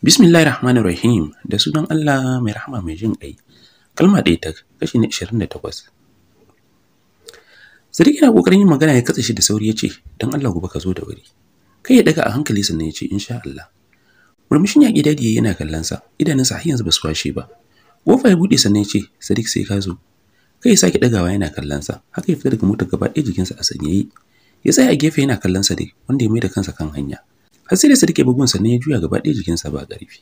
Bismillahi Rahmanir Rahim da sunan Allah mai rahama mai jin ƙai. Kalma ɗaya ta kashi na 28. Sadiq yana kokarin yin magana ya katse shi da sauri ya ce, "Don Allah gobe ka zo da wuri." Kai ya daga a hankali sannan ya ce, "Insha Allah." Murmushin yaƙi dadi yana kallon sa, idanunsa har yanzu ba su kwashe ba. Kofa ya buɗe sannan ya ce, "Sadiq sai ka zo." kai sake dagawa yana kallon sa haka ya fita daga motar gaba ɗaya jikinsa a sanyaye ya tsaya a gefe yana kallon sa dai wanda ya mai da kansa kan hanya har da sa rike bugun sannan ya juya gaba ɗaya jikinsa ba ƙarfi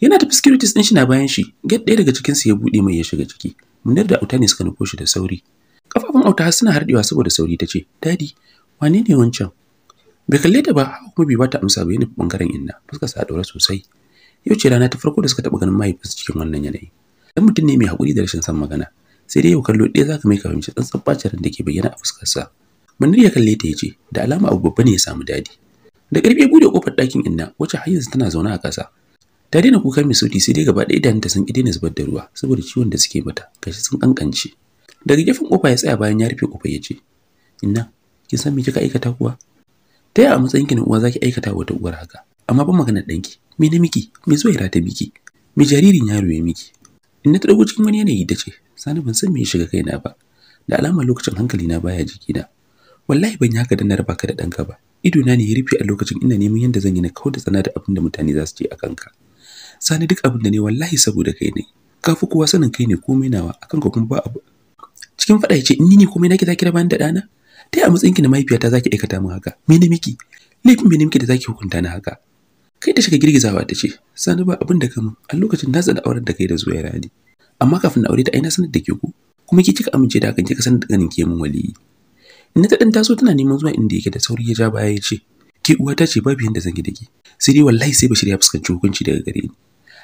yana tafi securities ɗin shi na bayan shi gate ɗaya daga cikinsu ya buɗe mai ya shiga ciki munar da auta ne suka nufo shi da sauri kafafun auta suna harɗewa saboda sauri ta ce dadi wane ne wancan bai kalle ta ba kuma bai bata amsa ba yana bangaren inna fuskar sa daura sosai yau ce rana ta farko da suka taɓa ganin mahaifinsu cikin wannan yanayi dan mutum ne mai haƙuri da rashin san magana sai dai yau kallo ɗaya za ka mai ka fahimci tsantsan ɓacin da ke bayyana a fuskarsa manir ya kalle ta ya ce da alama abu babba ne ya samu dadi da ƙarfi bude kofar ɗakin inna wacce har yanzu tana zaune a ƙasa ta daina kuka mai sauti sai dai gaba ɗaya idanunta sun ƙi daina zubar da ruwa saboda ciwon da suke mata gashi sun kankance daga gefen kofa ya tsaya bayan ya rufe kofar ya ce inna kin san me kika aikata kuwa ta yaya a matsayin ki na uwa zaki aikata wata uwar haka amma ban magana ɗanki me na miki me zuwa ta miki me jaririn yaro ya miki in na ɗago cikin wani yanayi ta ce sani ban san me ya shiga kaina ba da alamar lokacin hankali na baya jikina wallahi ban yi haka dan na ka da ɗanka ba ido na ne ya rufe a lokacin ina neman yadda zan yi na da tsana da abin da mutane za su ce a kanka sani duk abin da ne wallahi saboda kai ne ka fi kowa sanin kai ne komai nawa akan kanka kuma ba abu cikin faɗa ya ce in ni ne komai naki za ki raba ni da ɗana ta yi a matsayinki na mahaifiyata za ki aikata min haka me ne miki laifin me ne miki da za ki hukunta ni haka kai da shiga girgizawa ta ce sani ba abin da kama a lokacin na tsada auren da kai da zuwa rani amma kafin na aure ta aina sanar da ke ku kuma ki cika amince da hakan kika sanar da ganin ke mun waliyi ina ta dan taso tana neman zuwa inda yake da sauri ya ja baya ya ce ke uwa ta ce babu yanda zan yi da ke sai dai wallahi sai bashir ya fuskanci hukunci daga gare ni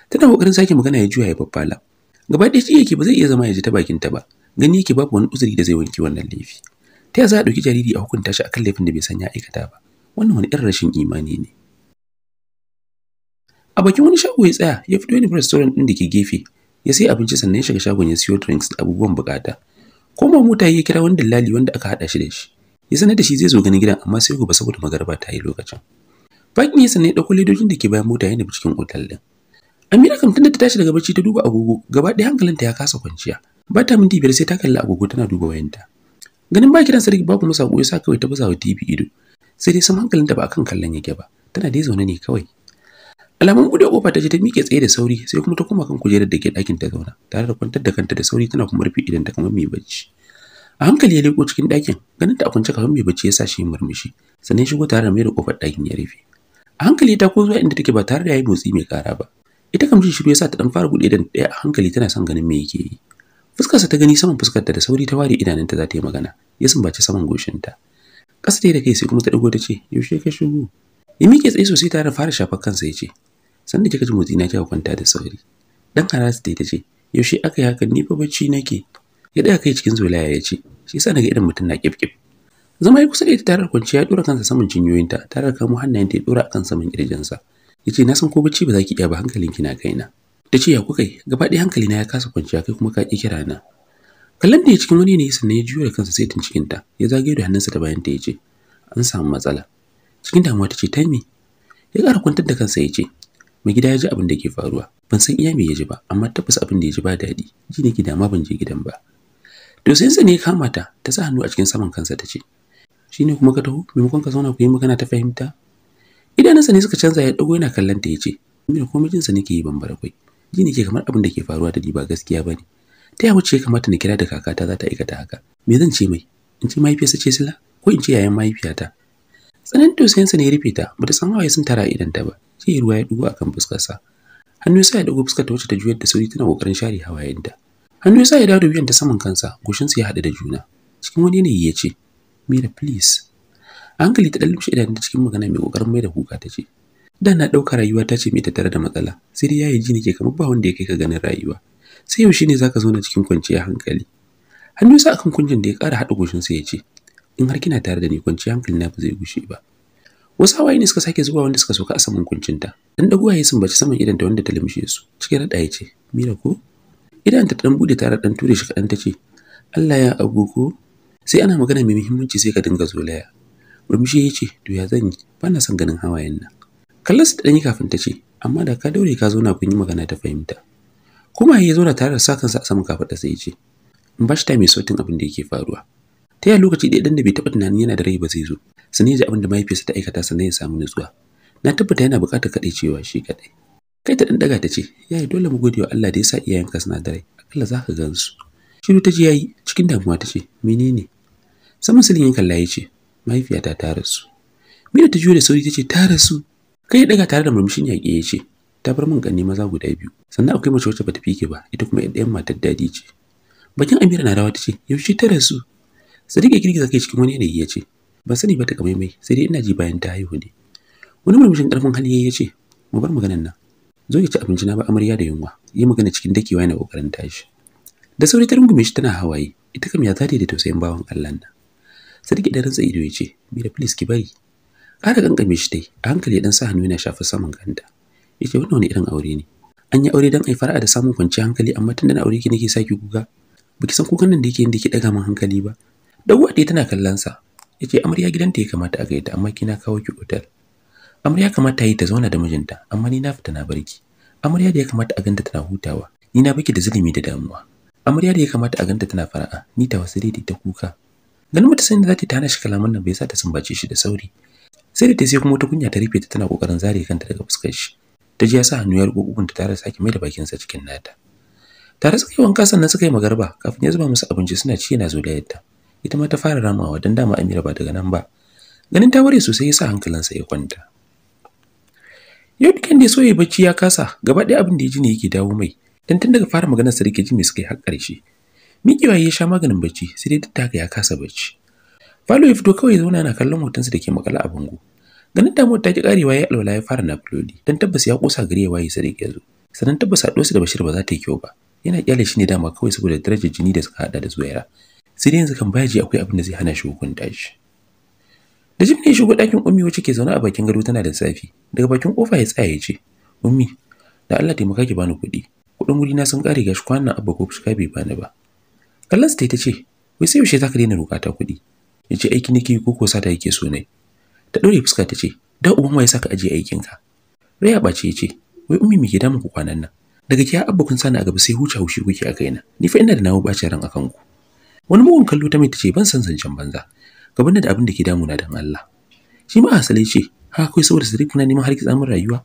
tana kokarin sake magana ya juya ya babbala gaba ɗaya shi yake ba zai iya zama ya ji ta bakin ta ba gani yake babu wani uzuri da zai wanke wannan laifi ta za a ɗauki jariri a hukunta shi akan laifin da bai san ya aikata ba wannan wani irin rashin imani ne a bakin wani shago ya tsaya ya fito wani restaurant ɗin da ke gefe ya sai abinci sannan ya shiga shagon ya siyo drinks da abubuwan bukata koma mota ya kira wani dillali wanda aka hada shi da shi ya sanar da shi zai zo ganin gidan amma sai gobe saboda magarba ta yi lokacin bakin ya sanar ya ɗauko ledojin da ke bayan mota yana cikin otal ɗin Amira kam tunda ta tashi daga barci ta duba agogo gaba ɗaya hankalinta ya kasa kwanciya ba ta minti biyar sai ta kalli agogo tana duba wayanta ganin ba kiran sarki babu masa ya sa kawai ta bazawa TV ido sai dai sam hankalinta ba akan kallon yake ba tana dai zaune ne kawai Alamun buɗe kofa ta ji ta miƙe tsaye da sauri sai kuma ta koma kan kujerar da ke ɗakin ta zauna tare da kwantar da kanta da sauri tana kuma rufe idan ta kamar mai bacci. A hankali ya leƙo cikin ɗakin ganin ta a kwance kamar mai bacci ya sa shi murmushi sannan shigo tare da mai da ƙofar ɗakin ya rufe. A hankali ta ko zuwa inda take ba tare da yayi motsi mai ƙara ba. Ita kamshin shiru ya sa ta ɗan fara buɗe idan ɗaya a hankali tana son ganin me yake yi. Fuskarsa ta gani saman fuskarta da sauri ta ware idanunta za ta yi magana ya sumbaci saman goshinta. Ƙasa ta da kai sai kuma ta ɗago ta ce yaushe ka shigo. Ya miƙe tsaye sosai tare da fara shafar kansa ya ce sanda kika ji motsi na kika kwanta da sauri dan harasu ta ce yaushe aka yi haka ni fa bacci nake ya ɗaya kai cikin zolaya ya ce shi yasa naga irin mutum na kifkif zama ya kusa da ita tare da kwanciya ya dora kansa saman cinyoyinta tare da kamo hannayenta ya dora akan saman kirjinsa ya ce na san ko bacci ba za ki iya ba hankalin kina kaina ta ce ya kuka kai gaba ɗaya hankali na ya kasa kwanciya kai kuma ka ƙi kira na kallon da ya cikin wani ne sannan ya juyo da kansa sai tun cikin ta ya zagaye da hannunsa da bayan ta ya an samu matsala cikin damuwa ta ce ya ƙara kwantar da kansa ya ce mai gida ya ji abin da ke faruwa ban san iya mai ya ji ba amma tabbas abin da ya ji ba daɗi ji ne gida ma ban je gidan ba to sai ne ya kama ta ta sa hannu a cikin saman kansa ta ce Shi ne kuma ka taho maimakon ka zauna ku yi magana ta fahimta idanunsa ne suka canza ya dago yana kallon ta ya ce mai kuma mijinsa jinsa ke yi bambara kai ji ne ke kamar abin da ke faruwa da ni ba gaskiya ba ne. ta ya wuce kamata na kira da kakata za ta aikata haka me zan ce mai in ce mahaifiyarsa ce sila ko in ce yayan mahaifiyata tsanan tausayinsa ne ya rufe ta bata san hawaye sun tara idan ta ba sai ruwa ya dugo akan fuskarsa hannu sa ya dago fuskar ta wacce ta juyar da sauri tana kokarin share hawayenta hannu sa ya dawo da wuyan ta saman kansa goshinsa ya haɗu da juna cikin wani yanayi ya ce mira please hankali ta dalibce idan ta cikin magana mai kokarin mai da kuka ta ce da na ɗauka rayuwa ta ce mai ta tare da matsala sai dai yayi ji nake kamar ba wanda ya kai ka ganin rayuwa sai yaushe ne zaka zo na cikin kwanciyar hankali hannu sa akan kunjin da ya ƙara haɗa goshinsa ya ce in har kina tare da ni kwanciyar hankali na ba zai gushe ba wasu hawaye ne suka sake zuwa wanda suka soka a saman kuncinta dan daguwaye sun bace saman idanta wanda ta limshe su cike da ya ce mira ko Idan ta dan bude tare dan ture shi kadan ta ce Allah ya agogo. sai ana magana mai muhimmanci sai ka dinga zolaya murmushi ya ce to ya zan yi ba na son ganin hawayen nan kallas ta danyi kafin ta ce amma da ka daure ka zo na kun yi magana ta fahimta kuma ya na tare da sakansa a saman kafada sai yace in bashi ta mai sautin abin da yake faruwa ta yaya lokaci ɗaya ɗan da bai taɓa tunanin yana da rai ba zai zo sani ji abin da mahaifiyarsa ta aikata sannan ya samu nutsuwa na tabbata yana buƙatar kaɗai cewa shi kaɗai kai ta ɗan ɗaga ta ce yayi dole mu gode wa Allah da ya sa iyayenka suna da rai akalla za ka gan su shiru ta ji yayi cikin damuwa ta ce menene saman silin yankan layi ce mahaifiyata ta rasu Mira ta juya da sauri ta ce ta rasu kai ɗaga tare da murmushin yaƙi ya ce ta bar min ƙanni maza guda biyu sannan akwai mace wacce bata fike ba ita kuma ɗayan matar dadi ce bakin amira na rawa ta ce yaushe ta rasu Sadiq ya girgiza kai cikin wani yanayi ya ce, Ban sani ba ta mai sai dai ina ji bayan ta haihu ne. Wani murmushin ƙarfin hali ya ce, Mu bar maganan nan. Zo ya ci abinci na ba amarya da yunwa, yi magana cikin dakewa yana ƙoƙarin tashi. Da sauri ta rungume shi tana hawaye, ita kam ya zata da tausayin bawan Allah nan. Sadiq da rantsa ido ya ce, da please ki bari. Ƙara kankame shi dai, a hankali ya dan sa hannu yana shafa saman karanta. Ya ce wannan wani irin aure ne. An yi aure don ai fara'a da samun kwanciyar hankali amma tun da na aure ki nake saki kuka. san kukan nan da yake yin da yake daga min hankali ba. Dawwade tana sa. Ya ce, Amarya gidanta ya kamata a gaita, amma kina kawo ki otal. Amarya kamata yi ta zauna da mijinta, amma ni na fita na barki. Amarya da ya kamata a ganta tana hutawa, ni na baki da zulumi da damuwa. Amarya da ya kamata a ganta tana fara'a, ni ta wasu dai ta kuka. Dan mata sani da za ta hana shi kalaman nan bai sa ta sumbace shi da sauri. Sai da ta sai kuma wata kunya ta rufe ta tana kokarin zare kanta daga fuskar shi. Ta ji ya sa hannu ya kukun ta tare da sake mai da bakinsa cikin nata. Tare suka yi wanka sannan suka yi magarba kafin ya zuba musu abinci suna ci yana zo da yadda. ita ma ta fara ramawa don dama Amira ba daga nan ba. Ganin ta ware sosai yasa hankalinsa ya kwanta. Yau dukan da so ya bacci ya kasa, gaba ɗaya abin da ya ji ne yake dawo mai, Dan tun daga fara maganar sa rike ji mai suka yi har ƙarshe. ya sha maganin bacci, sai dai duk da ya kasa bacci. Falo ya fito kawai zauna yana kallon hotonsa da ke makala a bango. Ganin damuwar ta ki karewa ya alwala ya fara nafiloli dan tabbas ya kosa gare ya waye sadiq yazo. Sannan tabbas haɗuwarsa da Bashir ba za ta yi kyau ba. Yana kyale shi ne dama kawai saboda darajar jini da suka hada da zuwaira. sai dai yanzu kan baji akwai abin da zai hana shi hukunta shi da jim ne shigo ɗakin ummi wacce ke zaune a bakin gado tana da safi daga bakin kofa ya tsaya ya ce ummi da Allah taimaka ki bani kuɗi kuɗin wuri na sun ƙare gashi kwanan abba ko fuska bai bani ba kallon ta ce wai sai yaushe zaka daina roƙa ta kuɗi ya ce aiki nake yi ko ko sata yake so ne ta ɗore fuska ta ce da uban ma ya saka ajiye aikinka rai ya ɓace ya ce wai ummi me ke damu ku kwanan nan daga kiya abba kun sani a gaba sai huce haushi kuke a kaina ni fa ina da nawo bace ran akan ku wani mugun kallo ta mai tace ban san zancen banza gaban da abin da ke damuna dan Allah shi ma asali ce ha kai saboda sirri na neman ki tsamin rayuwa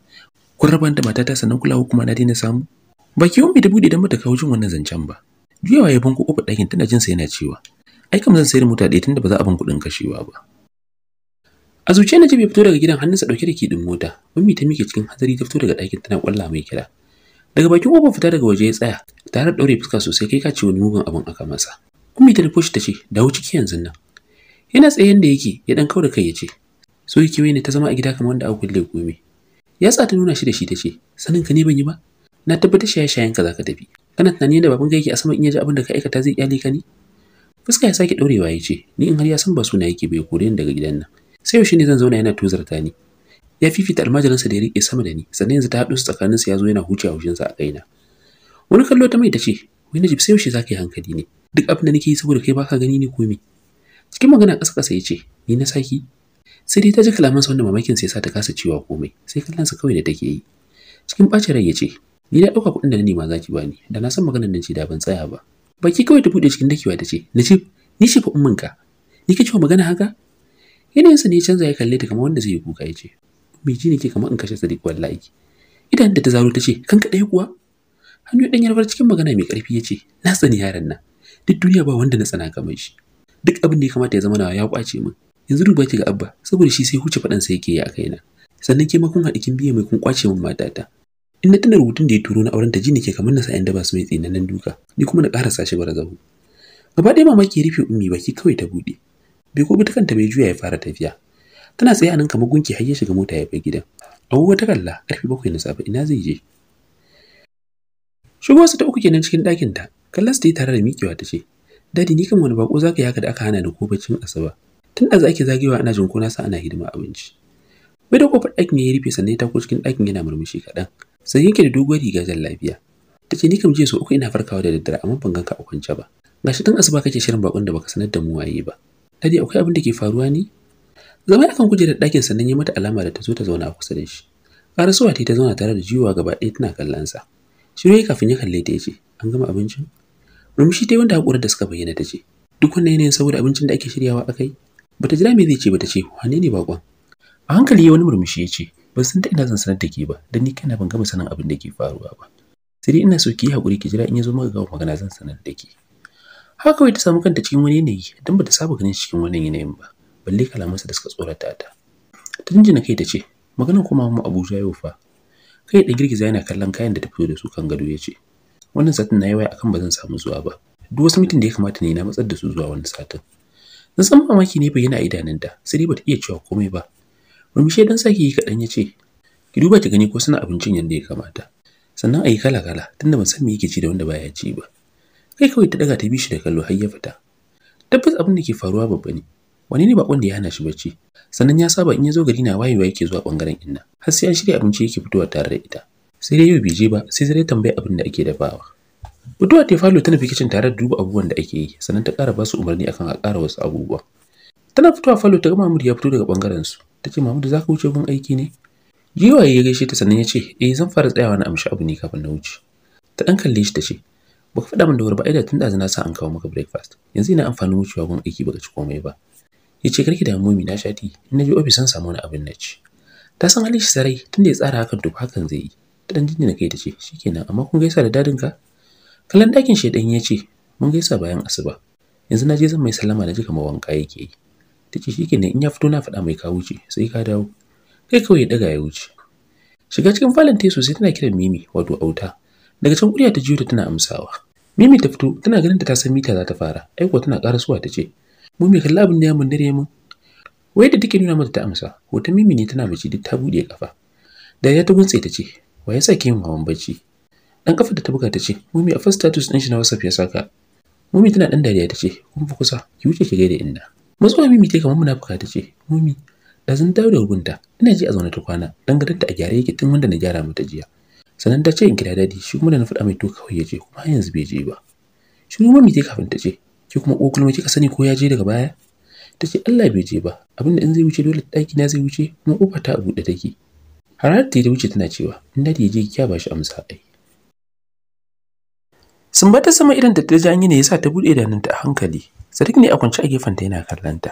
kun raba da matata sannan kulawa kuma na daina samu ba ki wani da bude dan mata kawo jin wannan zancen ba juyawa ya banko kofar ɗakin tana jin sa yana cewa ai kam zan sayar mota ɗaya tunda ba za a ban kuɗin kashewa ba A zuciya na ya fito daga gidan hannunsa dauke da kidin mota. Ummi ta mike cikin hazari ta fito daga ɗakin tana kwalla mai kira. Daga bakin kofar fita daga waje ya tsaya, tare da daure fuska sosai kai ka ce wani mugun abin aka masa. Ummi ta da shi ta ce, da wuce ciki yanzu nan. Yana tsayen da yake ya ɗan kauda kai ya ce, so yake ne ta zama a gida kamar wanda aka kulle gome. Ya ta nuna shi da shi ta ce, sanin ka ne ban yi ba? Na tabbatar shi shaye shayen ka ka tafi. Kana tunanin yadda baban yake a sama in ya ji abin da ka aikata zai kyale ka ne? Fuska ya sake ɗorewa ya ce, ni in har ya san ba suna yake bai kore ni daga gidan nan. Sai yaushe ne zan zauna yana tuzarta ni? Ya fifita almajiransa da ya riƙe sama da ni, sannan yanzu ta haɗu su tsakaninsu ya zo yana huce haushinsa a kaina. Wani kallo ta mai ta ce, wani Najib sai yaushe za ka yi hankali ne? duk abin da nake yi saboda kai baka gani ne ko me cikin magana ƙasa ƙasa ya ce ni na saki sai dai ta ji kalamansa wanda mamakin sai sa ta kasa cewa komai sai kallonsa kawai da take yi cikin ɓacin rai yace ce ni na ɗauka kuɗin da na nema zaki bani da na san maganar nan ce da ban tsaya ba baki kawai ta buɗe cikin dakewa ta ce najib ni ce fa ka. ni kake magana haka yanayinsa ne canza ya kalle ta kamar wanda zai yi kuka ya ce mai ji nake kamar in kashe sadiq wallahi idan da ta zaro ta ce kanka ɗaya kuwa hannu ɗan yarbar cikin magana mai ƙarfi ya ce na tsani yaran nan duk duniya ba wanda na tsana kamar shi duk abin da ya kamata ya zama nawa ya kwace min yanzu duk baki ga abba saboda shi sai huce fadan sai yake yi a kaina sannan ke ma kun haɗi kin biye mai kun kwace min matata in na tuna rubutun da ya turo na auren ta ji nake kamar na sa yan daba su mai nan duka ni kuma na karasa shi zabu gaba ɗaya mamaki ya rufe ummi baki kawai ta buɗe bai ko bi ta kanta bai juya ya fara tafiya tana tsaye a nan kamar gunki har ya shiga mota ya bai gidan agogo ta kalla karfe bakwai na safe ina zai je Shugo wasu ta uku kenan cikin ɗakin ta kallon ta yi tare da miƙewa ta ce dadi ni kan wani bako zaka yi haka da aka hana ni ko bacin asuba tun da ake zagewa ana jin kona sa ana hidima abinci bai da kofar ɗakin ya rufe sannan ya tako cikin ɗakin yana murmushi kaɗan sai yake da doguwar riga jan lafiya ta ce ni kam jiya so uku ina farkawa da daddare amma ban ganka a kwance ba gashi tun asuba kake shirin bakon da baka sanar da mu waye ba dadi akwai abin da ke faruwa ne zama akan kujerar ɗakin sannan ya mata alama da ta zo ta zauna a kusa da shi karasuwa ta ta zauna tare da jiwa gaba ɗaya tana kallon sa shiru kafin ya kalle ta ya ce an gama abincin Rumshi ta yi wanda haƙurar da suka bayyana ta ce, duk wannan yanayin saboda abincin da ake shiryawa a kai. Bata jira me zai ce bata ce, wane ne baƙon? A hankali wani murmushi ya ce, ba san ta ina zan sanar da ke ba, don ni kana ban gama sanin abin da ke faruwa ba. Sai dai ina so ki yi haƙuri ki jira in ya zo maka gawa magana zan sanar da ke. Haka kawai ta samu kanta cikin wani yanayi, don ba ta saba ganin cikin wannan yanayin ba, balle kalamansa da suka tsorata ta. Ta jinjina kai ta ce, maganar kuma mu Abuja yau fa. Kai da girgiza yana kallon kayan da ta fito da su kan gado ya ce, wannan satin na yi waya akan ba zan samu zuwa ba duk wasu mitin da ya kamata ne na matsar da su zuwa wani satin na san mamaki ne bayyana a idanunta sai dai bata iya cewa komai ba murmushi dan sake yi kaɗan ya ce ki duba ta gani ko suna abincin yadda ya kamata sannan a yi kala kala tunda ban san me yake ci da wanda baya ci ba kai kawai ta daga ta bi shi da kallo har ya fita tabbas abin da ke faruwa babba ne wani ne bakon da ya hana shi bacci sannan ya saba in ya zo gari na wayewa yake zuwa bangaren inna har sai an shirya abinci yake fitowa tare da ita sai dai yau bai je ba sai zai tambaya abin da ake dafawa mutuwa ta falo tana fi kicin tare da duba abubuwan da ake yi sannan ta ƙara ba su umarni akan a ƙara wasu abubuwa tana fitowa falo ta ga Mahmud ya fito daga bangaren su ta ce Mahmud za ka wuce gun aiki ne jiwaye ya gaishe ta sannan ya ce eh zan fara tsayawa na amshi abu ne kafin na wuce ta ɗan kalle shi ta ce baka faɗa min da wuri ba ai da tun ɗazu na sa an kawo maka breakfast yanzu ina amfanin wucewa gun aiki baka ci komai ba ya ce karki damu mami na shati in na je ofis san samu wani abin na ci ta san halin shi sarai tunda ya tsara hakan to hakan zai yi dan ɗan na kai ta ce shikenan amma kun gaisa da dadin ka kallon dakin shaidan ya ce mun gaisa bayan asuba yanzu na je zan mai sallama na ji kamar wanka yake yi ta ce shikenan in ya fito na faɗa mai ka ce, sai ka dawo kai kawai ya daga ya wuce shiga cikin falon ta sai tana kiran mimi wato auta daga can kuriya ta jiyo ta tana amsawa mimi ta fito tana ganin ta san mita za ta fara aiko tana ƙara suwa ta ce mu me kalla abin da ya mun dare mun wai da take nuna mata ta amsa hoton mimi ne tana bace duk ta buɗe kafa da ya ta guntse ta ce wa ya sake yin hawan bacci dan kafa da ta buga ta ce mumi a first status din shi na whatsapp ya saka mumi tana dan dariya ta ce kun fi kusa ki wuce ki gaida inna matsuwa mimi ke kamar munafuka ta ce mumi da zan dawo da rubunta ina ji a zaune ta kwana dan ta a gyare yake tun wanda na gyara mata jiya sannan ta ce in kira dadi shi kuma da na faɗa mai to kawai ya je kuma yanzu bai je ba shi kuma ta ke kafin ta ce ki kuma kokulma kika sani ko ya je daga baya ta ce Allah bai je ba abinda in zai wuce dole ɗaki na zai wuce kuma kofa ta buɗe take Har ta wuce tana cewa, in da je kya ba shi amsa ai. Sun bata sama idan da ta ji ne yasa ta buɗe idanunta a hankali. sarki ne a kwance a gefenta yana kallon ta.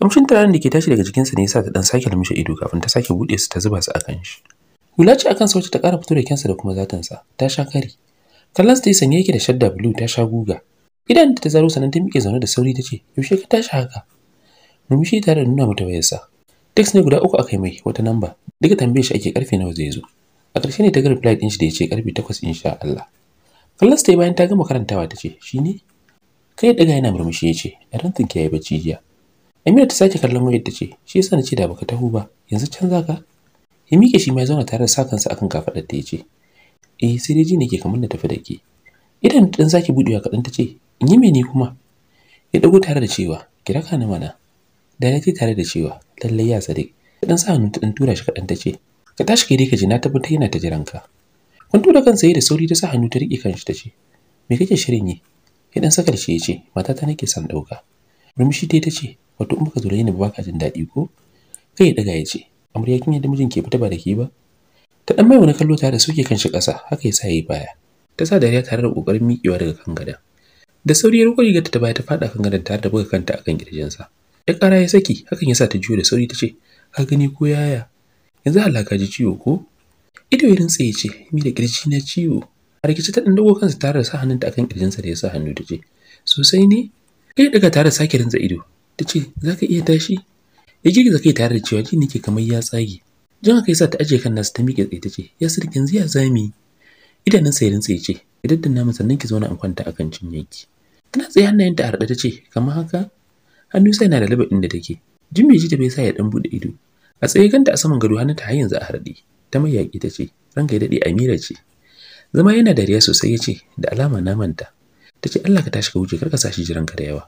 Kamshin turaren da ke tashi daga jikinsa ne sa ta dan sake lumshe ido kafin ta sake buɗe su ta zuba su a kan shi. Hula ce kansa wacce ta ƙara fito da kyansa da kuma zatansa, ta sha kari. Kallon ta yi sanye yake da shadda blue ta sha guga. Idan ta zaro sanan ta miƙe zaune da sauri ta ce, "Yaushe ka tashi haka?" Murmushi tare da nuna mata wayarsa. Tex ne guda uku aka yi mai wata namba duka tambayar shi ake karfe nawa zai zo a ƙarshe ne ta ga reply din shi da ya ce karfe 8 insha Allah kallon ta bayan ta gama karantawa ta ce shi ne? kai daga yana murmushi ya ce yaran ya yayi bacci jiya amina ta sake kallon wayar ta ce shi yasa nace da baka taho ba yanzu can zaka ya mike shi ma ya zauna tare da sakansa akan kafadar ta ya ce eh sai dai ji ne ke kamar da tafi da ke idan dan sake budewa kaɗan ta ce in yi mene kuma ya dago tare da cewa kira ka ni mana da ji tare da cewa lallai ya tsare. ka dan sa hannu ta dan tura shi kaɗan ta ce ka tashi ka dai ka ji na tabbata yana ta jiran ka kun tura kan sai da sauri ta sa hannu ta riƙe kanshi ta ce me kake shirin yi ya dan saka shi ya ce mata ta nake son ɗauka rumshi dai ta ce wato in baka zo ni ba ka jin daɗi ko kai ya daga ya ce amarya kin da mijin ke fita ba da ke ba ta ɗan mai wani kallo tare da soke shi ƙasa haka ya sa yayi baya ta sa dariya tare da ƙoƙarin miƙewa daga kan gada. da sauri ya ga ta baya ta faɗa kan gadon tare da buga kanta akan sa Ya ƙara ya saki, hakan ya sa ta juyo da sauri ta ce, Ka gani ko yaya, yanzu halaka ji ciwo ko? Ido ya tsaye ya ce, Mi da ƙirji na ciwo. A rikice ta ɗan dago kansa tare da sa hannunta akan ƙirjinsa da ya sa hannu ta ce, Sosai ne? Kai daga tare da sake rintsa ido, ta ce, Za ka iya tashi? Ya girgiza kai tare da cewa jini ke kamar ya tsage. Jan haka ya sa ta ajiye kan nasa ta miƙe tsaye ta ce, Ya sirki yanzu ya zami. Idanunsa ya irin ya ce, Ki daddana min sannan ki zauna in kwanta akan cinyanki. Tana tsaye hannayenta a raɗa ta ce, Kamar haka? hannu sai na da labar inda take jin ji da bai sa ya dan bude ido a tsaye ganta a saman gado hannunta har yanzu a harɗe ta mai yaƙi ta ce ranka ya daɗe amira ce zama yana dariya sosai ya ce da alama na manta ta ce Allah ka tashi ka wuce kar ka sa shi jiranka da yawa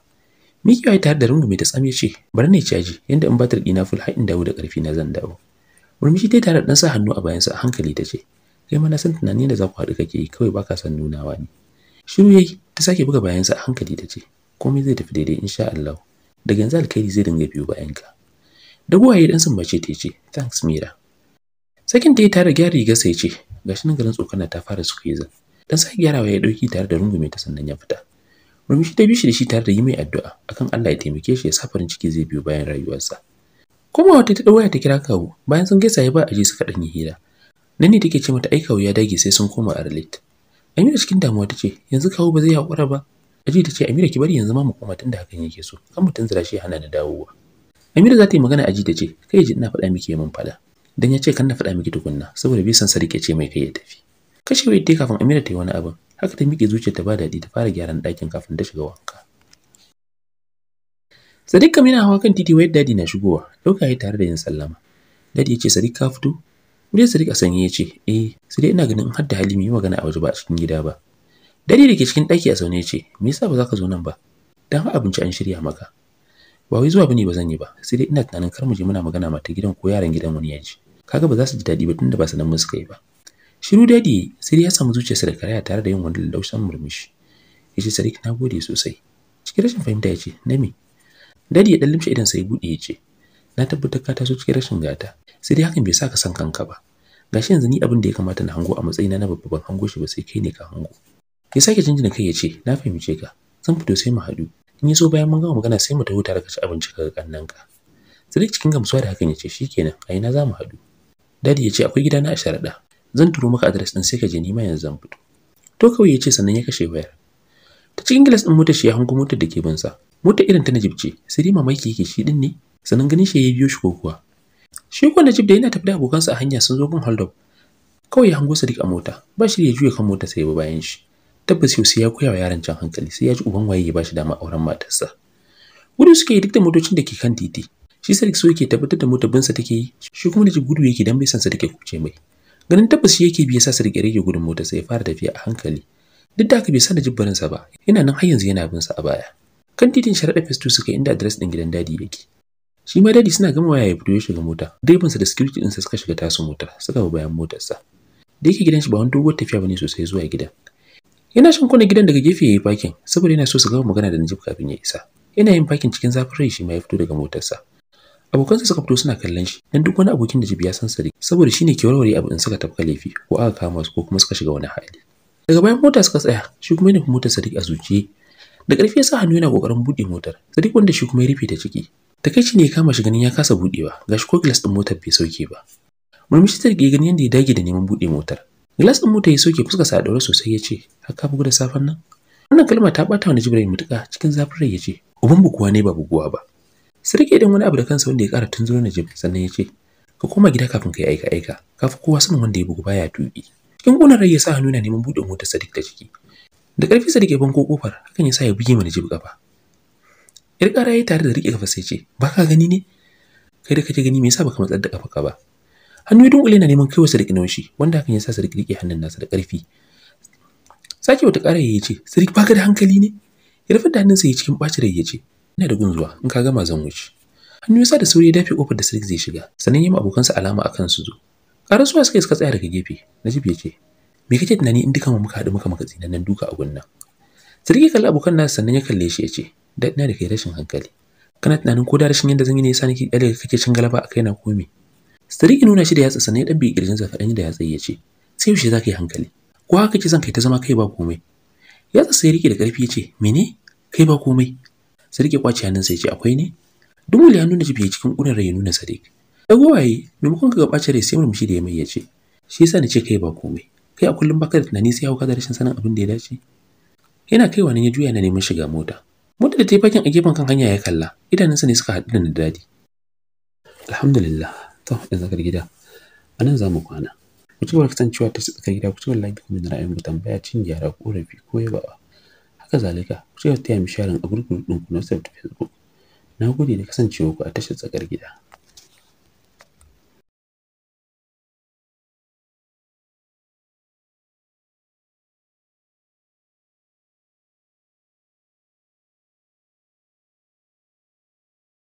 Miki ya tare da rungume ta tsame ce bari ne caji yanda in batar ɗina full haɗin dawo da ƙarfi na zan dawo murmushi ta tare da ɗan sa hannu a bayansa a hankali ta ce kai ma na san tunanin da za ku haɗu kake yi kawai baka san nunawa ne shiru yayi ta sake buga bayansa a hankali ta ce komai zai tafi daidai insha Allah daga yanzu alkhairi zai dinga biyo bayanka dagwaye dan sumbace ta ce thanks mira sakin ta yi tare gyara riga sai ce gashi nan garin tsokana ta fara squeeze dan sai gyarawa ya dauki tare da rungume ta sannan ya fita murmushi ta bishi da shi tare da yi mai addu'a akan Allah ya taimake shi ya sa farin ciki zai biyo bayan rayuwarsa kuma wata ta dauya ta kira kawo bayan sun gaisa ya ba aje suka dan yi hira nan ne take ce mata ai ya dage sai sun koma a relate cikin damuwa ta ce yanzu kawo ba zai haƙura ba Aji ta ce Amira ki bari yanzu ma mu koma tunda hakan yake so. Kan mutun zira shi hana da dawowa. Amira za ta yi magana Aji ta ce kai ji ina faɗa miki mun faɗa. Dan ya ce kan na faɗa miki tukunna saboda bai san sarki ce mai kai ya tafi. Kashe wai dai kafin Amira ta yi wani abu, Haka ta miƙe zuciyarta ba daɗi ta fara gyaran ɗakin kafin ta shiga wanka. Sadiq kam hawa kan titi wayar dadi na shigowa. Dauka yayi tare da yin sallama. Dadi ya ce Sadiq ka fito? Muryar Sadiq a sanye ya ce, "Eh, sai dai ina ganin har da Halimi yi magana a waje ba a cikin gida ba." Dadi da ke cikin ɗaki a zaune ce, "Me yasa ba za ka zo nan ba?" Dan har abinci an shirya maka. Ba wai zuwa bane ba zan yi ba, sai dai ina tunanin kar mu je muna magana mata gidan ko yaran gidan wani yaji. Kaga ba za su ji daɗi ba da ba sanan mu suka yi ba. Shiru dadi sai ya samu zuciyarsa da karaya tare da yin wani laushin murmushi. Ya ce Sadiq na gode sosai. Cikin rashin fahimta ya ce, "Na me?" Dadi ya ɗan limshe idan sai buɗe ya ce, "Na tabbatar ka taso cikin rashin gata, sai dai hakan bai sa ka san kanka ba." Gashi yanzu ni abin da ya kamata na hango a matsayina na babban hango shi ba sai kai ne ka hango. ya sake jinjina kai ya ce na fahimce ka zan fito sai mu haɗu in yi so bayan mun gama magana sai mu taho tare ka ci abinci ka ga ka sadiq cikin gamsuwa da hakan ya ce shikenan a ina za mu haɗu dadi ya ce akwai gida a sharaɗa zan turo maka adres ɗin sai ka je ma yanzu zan fito to kawai ya ce sannan ya kashe wayar ta cikin gilas ɗin mota shi ya hango motar da ke bin sa motar irin ta najib ce sai dai mamaki yake shi ɗin ne sannan ganin shi ya biyo shi ko kuwa shi ko najib da yana tafi da abokansa a hanya sun zo gun hold kawai ya hango sadiq a mota ba shi ya juya kan mota sai ya bi bayan shi tabbas yau sai ya koya wa yaron can hankali sai ya ji uban waye ya ba shi dama auren matarsa gudu suke yi duk da motocin da ke kan titi shi sarki so yake tabbatar da motar binsa take yi shi kuma da gudu yake dan bai san sa take kuce mai ganin tabbas shi yake biya sa rike rage gudun motar sai ya fara tafiya a hankali duk da haka bai san da jibbarin sa ba yana nan har yanzu yana bin sa a baya kan titin sharaɗa festu suka inda adres din gidan dadi yake shi ma dadi suna gama waya ya fito ya shiga mota direban sa da security din sa suka shiga tasu mota suka ba bayan motar sa da yake gidan shi ba wani dogon tafiya bane sosai zuwa gidan Yana shan kone gidan daga gefe yayi fakin saboda yana so su gama magana da Najib kafin ya isa. Yana yin fakin cikin zafin rai shi ma ya fito daga motarsa. Abokansa suka fito suna kallon shi dan duk wani abokin da Najib ya san sare saboda shine ke warware abu in suka tafka laifi ko aka kama su ko kuma suka shiga wani hali. Daga bayan mota suka tsaya shi kuma yana motar Sadiq a zuciye. Da ƙarfi ya sa hannu yana kokarin buɗe motar. Sadiq wanda shi kuma ya rufe ta ciki. Takaici ne ya kama shi ganin ya kasa buɗewa gashi ko glass din motar bai sauke ba. Murmushi ta rike ganin yadda ya dage da neman buɗe motar. Glass ɗin mota ya soke fuska sa daure sosai ya ce, "Haka bugu da safen nan?" Wannan kalma ta bata wani Jibril mutuƙa cikin zafin rai ya ce, "Uban buguwa ne ba buguwa ba." rike idan wani abu da kansa wanda ya ƙara tunzuro na Jib sannan ya ce, "Ka koma gida kafin ka yi aika aika, kafi kowa sanin wanda ya bugu baya tuƙi." Cikin ƙunar rai ya sa hannu na neman buɗe motar Sadiq ta ciki. Da ƙarfi Sadiq ya banko kofar, hakan ya sa ya buge mana Jib gaba. Yar ƙara ya yi tare da riƙe kafa sai ce, "Ba ka gani ne?" Kai da kake gani me yasa baka matsar da kafa ka ba? hannu ya dunkule na neman kaiwa sadiq naushi wanda hakan ya sa sadiq rike hannun nasa da ƙarfi sake wata ƙara ya ce sadiq baka da hankali ne ya rufe da hannunsa ya cikin ɓacin rai ya ce ina da gunzuwa in ka gama zan wuce hannu ya sa da sauri ya dafe kofar da sadiq zai shiga sannan ya ma abokansa alama akan su zo ƙarar suwa suka suka tsaya daga gefe najib ya ce me kake tunani in dukan muka haɗu muka maka nan duka a gunnan sadiq ya kalli abokan nasa sannan ya kalle shi ya ce da ina da kai rashin hankali kana tunanin ko da rashin yadda zan yi ne yasa nake kake cin galaba a na ko Sadiq nuna shi da yatsa sannan ya kirjin sa kaɗan da yatsa ya ce, sai yaushe za yi hankali, ko haka ki zan kai ta zama kai ba komai. Yatsa sai riƙe da karfi ya ce, mene? Kai ba komai. Sadiq ya kwace hannunsa ya ce, akwai ne? Dumul ya nuna jibi cikin ƙunar ya nuna Sadiq. gowaye waye, maimakon ka ga ɓacin rai sai murmushi da ya mai ya ce, shi yasa ni ce kai ba komai. Kai a kullum baka da tunani sai hauka da rashin sanin abin da ya dace. Yana kaiwa nan ya juya na neman shiga mota. mota da ta yi a gefen kan hanya ya kalla, idanunsa ne suka haɗu da na Alhamdulillah, to da zaka gida a nan za kwana ku ci kasancewa ta tsakar gida ku ci gaba like kuma ra'ayin ku tambaya cin gyara korafi ko yaba. haka zalika ku ci ta yi mu sharing a gurgurun ku na facebook na gode da kasancewa ku a tashar tsakar gida